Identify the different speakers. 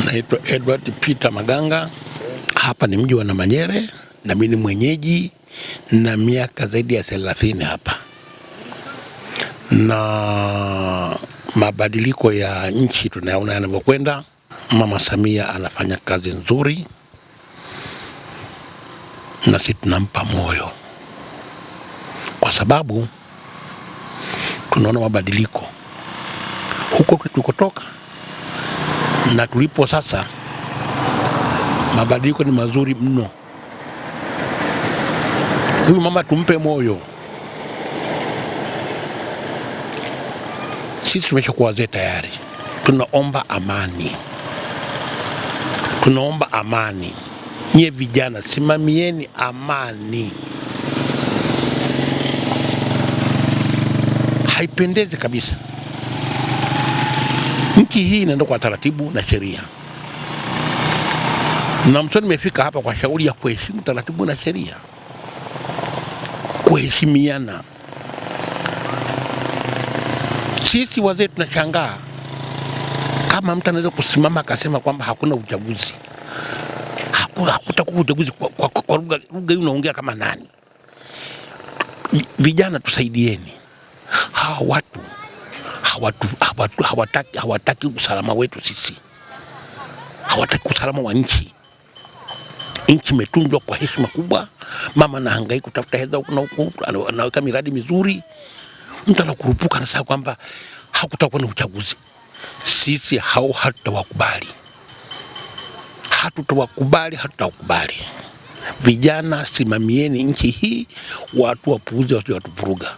Speaker 1: Naitwa Edward Peter Maganga. Hapa ni mji wa Namanyere na mimi ni mwenyeji na miaka zaidi ya thelathini hapa, na mabadiliko ya nchi tunayaona yanavyokwenda. Mama Samia anafanya kazi nzuri, na sisi tunampa moyo kwa sababu tunaona mabadiliko huko tulikotoka na tulipo sasa, mabadiliko ni mazuri mno. Huyu mama tumpe moyo, sisi tumeshakuwa wazee tayari. Tunaomba amani, tunaomba amani. Nyie vijana simamieni amani, haipendezi kabisa nchi hii inaenda kwa taratibu na sheria, na msoni nimefika hapa kwa shauri ya kuheshimu taratibu na sheria, kuheshimiana. Sisi wazee tunashangaa kama mtu anaweza kusimama akasema kwamba hakuna uchaguzi, hakutakuwa uchaguzi kwa, kwa, kwa, kwa lugha hii unaongea kama nani? Vijana tusaidieni hawa watu hawataki hawataki hawataki usalama wetu sisi, hawataki usalama wa nchi. Nchi imetunzwa kwa heshima kubwa. Mama nahangaika kutafuta hedha huku na huku, anaweka miradi mizuri. Mtu anakurupuka anasema kwamba hakutakuwa na uchaguzi. Sisi hao hatutawakubali, hatutawakubali, hatutawakubali. Vijana, simamieni nchi hii, watu wapuuzi wasiwatuvuruga.